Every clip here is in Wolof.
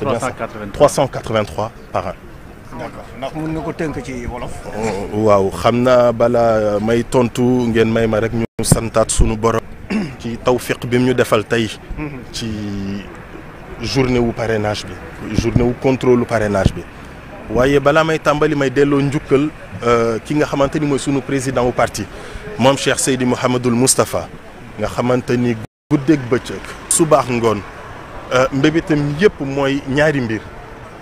383 par an. d'accord ndax mën na ko tënk ci wolof. Oh, waaw xam naa balaa euh, may tontu ngeen may ma rek ñu santaat sunu borom. ci tawfiq bi defal tey. ci journée wu parrainage bi. journée wu contrôle parrainage bi. waaye balaa may tàmbali may delloo njukkal euh, ki nga xamante ni mooy président wu parti moom Cheikh Seydi Mouhamadul Moustapha nga xamante ni guddeeg bëccëg. su baax Euh, mbébétam yëpp mooy ñaari mbir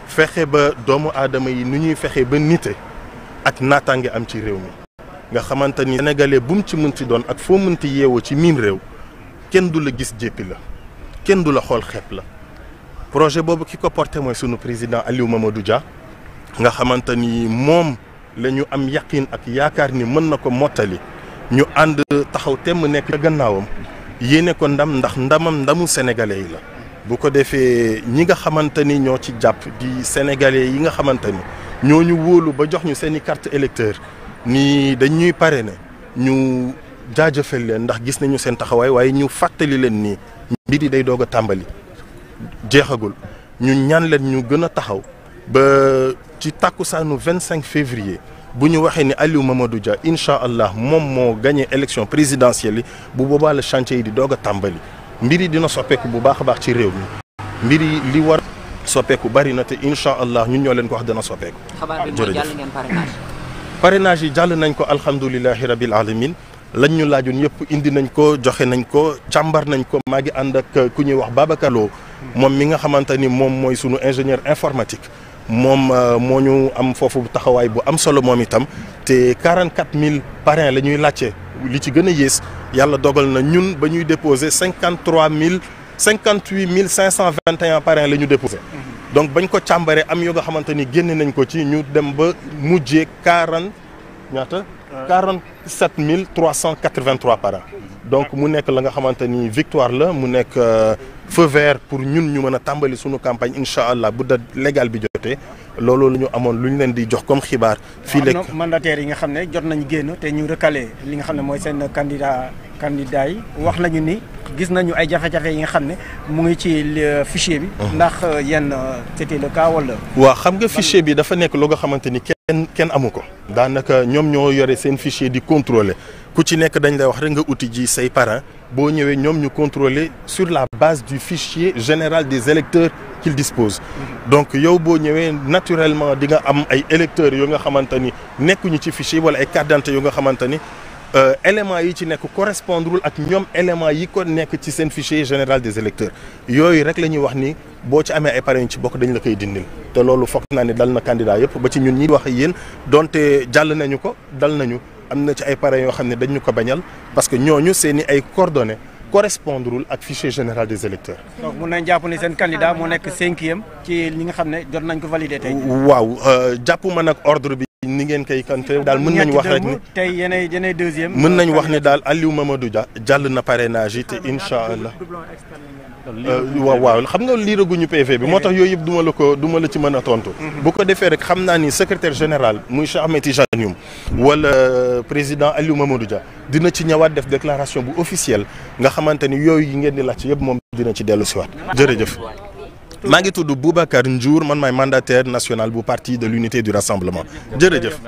fexe ba doomu aadama yi nu ñuy fexe ba nite ak ngi am ci réew mi nga xamante ni sénégalais bu mu ci mënti doon ak foo mënti yeewoo ci miim réew kenn du la gis jéppi la kenn du la xool xeeb la projet boobu ki ko porté mooy sunu président Aliou du Dia nga xamante ni moom lañu am yaqin ak yaakaar ni mën na ko mottali ñu ànd taxaw temm nekk ca gannaawam yéene ko ndam ndax ndamam ndamu sénégalais yi la bu ko defee ñi nga xamante ni ñoo ci jàpp di sénégalais yi nga xamante ni ñoo ñu wóolu ba jox ñu seen i carte électeur ni dañuy pare ne ñu jaajëfal leen ndax gis nañu seen taxawaay waaye ñu fàttali leen nii mbir yi day doog a tàmbali jeexagul ñu ñan leen ñu gën a taxaw ba ci tàkkusaanu 25 février bu ñu waxee ni Aliou Mamadou Dia incha allah moom moo gagné élection présidentielle yi bu boobaal la chantier yi di doog a tàmbali. mbir yi dina soppeeku bu baax a baax ci réew mi mbir yi li war soppeeku bari na te incha allah ñun ñoo leen ko wax dana soppeeku. jërëjëf parrainage yi jàll nañ ko alhamdulilahi rabil alamin lañ ñu laajoon yëpp indi nañ ko joxe nañ ko càmbar nañ ko maa ngi ànd ak ku ñuy wax Babacar moom mi nga xamante ni moom mooy sunu ingénieur informatique moom euh, moo ñu am foofu bu taxawaay bu am solo moom itam te 44000 parrains la ñuy laajte li ci gën a yées yàlla dogal na ñun ba ñuy déposé 53000 58000 521 parrains la ñu déposé. Mhm. donc bañ ko càmbaree am yoo nga xamante ni génne nañ ko ci ñu dem ba mujjee 40 ñaata. 47 383 par an donc mu nekk la nga xamante ni victoire la mu nekk euh, feu vert pour ñun ñu mën tambali tàmbali suñu campagne incha allah bu da légal bi jotee loolu ñu amoon lu ñu leen di jox comme xibaar. fii léegi am mandataires yi nga xam ne jot nañu génn te ñu recalé li nga xam ne mooy seen candidat candidat yi wax nañu ni gis nañu ay jafe-jafe yi nga xam ne mu ngi ci euh, fichier bi. Hum. ndax euh, yenn c'était le cas wala. waaw xam nga fichier bi dafa nekk lu nga xamante ni ken amuko danaka ñom daanaka ñoo seen fichier di contrôler ku ci nek dañ lay wax rek nga uti ji say parents bo ñëwé ñom ñu contrôler sur la base du fichier général des électeurs qu'il dispose mm-hmm. donc yow bo ñëwé naturellement di nga am ay électeurs yo nga Ne ni nekkuñu ci fichier wala ay carte d'identité yo nga euh, élément yi ci nek correspondrul ak ñom élément yi ko nek ci seen fichier général des électeurs yooyu rek lañuy wax ni bo ci amé ay parrain ci bok dañ la koy dindil té lolu foog naa ne dal na candidat yépp ba ci ñun ñi wax yeen donté jall nañu ko dal nañu amna ci ay parrain yo xamné dañ ñu ko bañal parce que ñoñu seen ay coordonnées correspondrul ak fichier général des électeurs. donc mun nañ jàpp ni seen candidat moo 5e, ci li nga xam ne jot nañ ko valider tey. waaw euh, jàpp ma nag ordre ni ngeen koy kante daal mën nañ wax rek ni tey yeneen yeneen deuxième mën nañ wax ni daal Aliou Mamadou Dia jàll na parrainage yi te incha allah euh, waaw waaw xam nga liiraguñu PV bi moo tax yooyu yëpp duma la ko duma la ci mën a tontu mhm. bu ko defee rek xam naa ni secretaire général muy Cheikh Ahmed Tidiane Youm wala euh, président Aliou Mamadou Dia dina ci ñëwaat def déclaration bu officielle nga xamante ni yooyu yi ngeen di laaj yëpp moom dina ci dellu siwaat jërëjëf maa ngi tudd Boubacar Ndiour mandataire national du parti de l'unité du rassemblement jërëjëf